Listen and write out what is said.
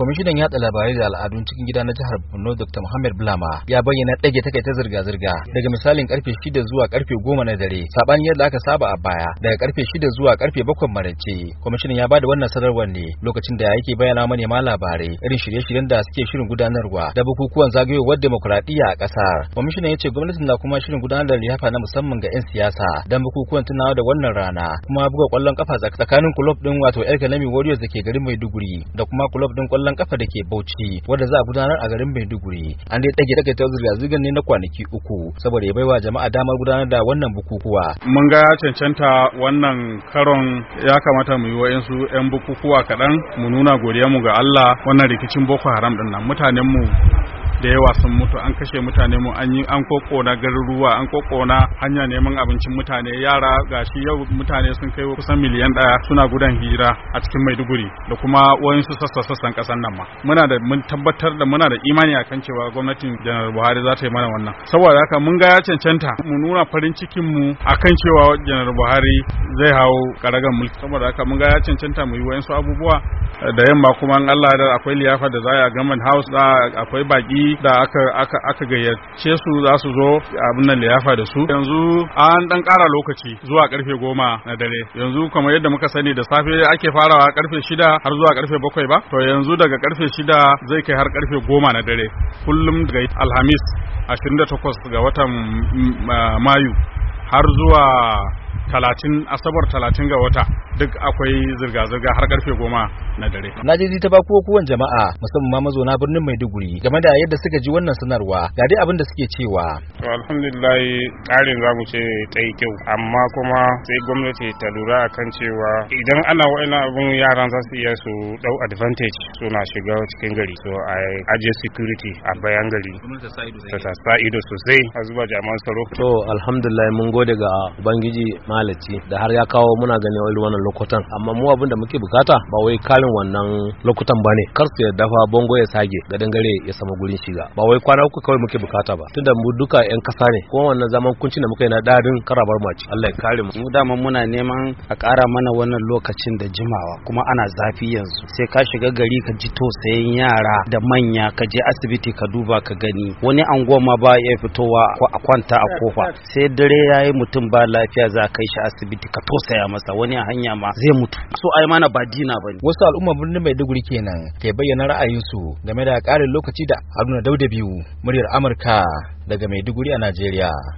kwamishinan yatsa labarai da al'adun cikin gida na jihar borno dr muhammad blama ya bayyana ɗage ta zirga-zirga daga misalin karfe shida zuwa karfe goma na dare saɓanin yadda aka saba a baya daga karfe shida zuwa karfe bakwai marance kwamishinan ya bada wannan sanarwar ne lokacin da yake bayyana manema labarai irin shirye-shiryen da suke shirin gudanarwa da bukukuwan zagayowar demokuraɗiyya a ƙasar kwamishinan ya ce gwamnatin na kuma shirin gudanar da liyafa na musamman ga 'yan siyasa don bukukuwan tunawa da wannan rana kuma buga kwallon kafa tsakanin kulob ɗin wato el kalami warriors da ke garin maiduguri da kuma kulob ɗin kwallon kwallon kafa da ke Bauchi wanda za a gudanar a garin Maiduguri an dai tsage daga zirga zirgar ne na kwanaki uku saboda ya baiwa jama'a damar gudanar da wannan bukukuwa mun ga ya cancanta wannan karon ya kamata mu yi wa'insu yan bukukuwa kaɗan mu nuna mu ga Allah wannan rikicin Boko Haram ɗin nan mutanen mu da yawa sun mutu an kashe mutane mu an yi an kokona garuruwa an kokona hanya neman abincin mutane yara gashi yau mutane sun kai kusan miliyan daya suna gudan hira a cikin Maiduguri da kuma wayansu sassa sassan kasan nan ma muna da mun tabbatar da muna da imani akan cewa gwamnatin Janar Buhari za ta yi mana wannan saboda haka mun ga ya cancanta mu nuna farin cikin mu akan cewa Janar Buhari zai hawo karagan mulki saboda haka mun ga ya cancanta mu yi wayansu abubuwa da yamma kuma Allah da akwai liyafa da za a gaman house akwai baki da aka aka aka gayyace su za su zo abin nan liyafa da su yanzu an dan kara lokaci zuwa karfe goma na dare yanzu kamar yadda muka sani da safe ake farawa karfe shida har zuwa karfe bakwai ba to yanzu daga karfe shida zai kai har karfe goma na dare kullum daga alhamis 28 ga watan mm, mayu har zuwa talatin asabar talatin ga wata duk akwai zirga-zirga har karfe goma na dare. Na je ta bako kowan jama'a musamman ma mazauna birnin Maiduguri game da yadda suka ji wannan sanarwa ga dai abin da suke cewa. To alhamdulillah tsarin za mu ce ta yi kyau amma kuma sai gwamnati ta lura kan cewa idan ana wa'ina abun yaran za su iya su dau advantage suna shiga cikin gari so a ajiye security a bayan gari. Ta sa ido sosai a zuba jami'an tsaro. To alhamdulillah mun gode ga Ubangiji Malaci da har ya kawo muna ganin wani lokutan amma mu abin da muke bukata ba wai karin wannan lokutan ba ne kar su ya dafa bongo ya sage ga dangare ya samu gurin shiga ba wai kwana uku kawai muke bukata ba tunda mu duka yan kasa ne kuma wannan zaman kunci da muka na dadin karabar mace Allah ya kare mu mu dama muna neman a kara mana wannan lokacin da jimawa kuma ana zafi yanzu sai ka shiga gari ka ji tausayin yara da manya ka je asibiti ka duba ka gani wani ango ma ba ya fitowa a kwanta a kofa sai dare yayi mutum ba lafiya za kai shi asibiti ka tosaya masa wani a hanya ma zai mutu so ai mana ba dina bane wasu al'umma birnin Maiduguri kenan ke bayyana ra'ayinsu game da karin lokaci da Haruna Dauda biyu muryar Amurka daga Maiduguri a Najeriya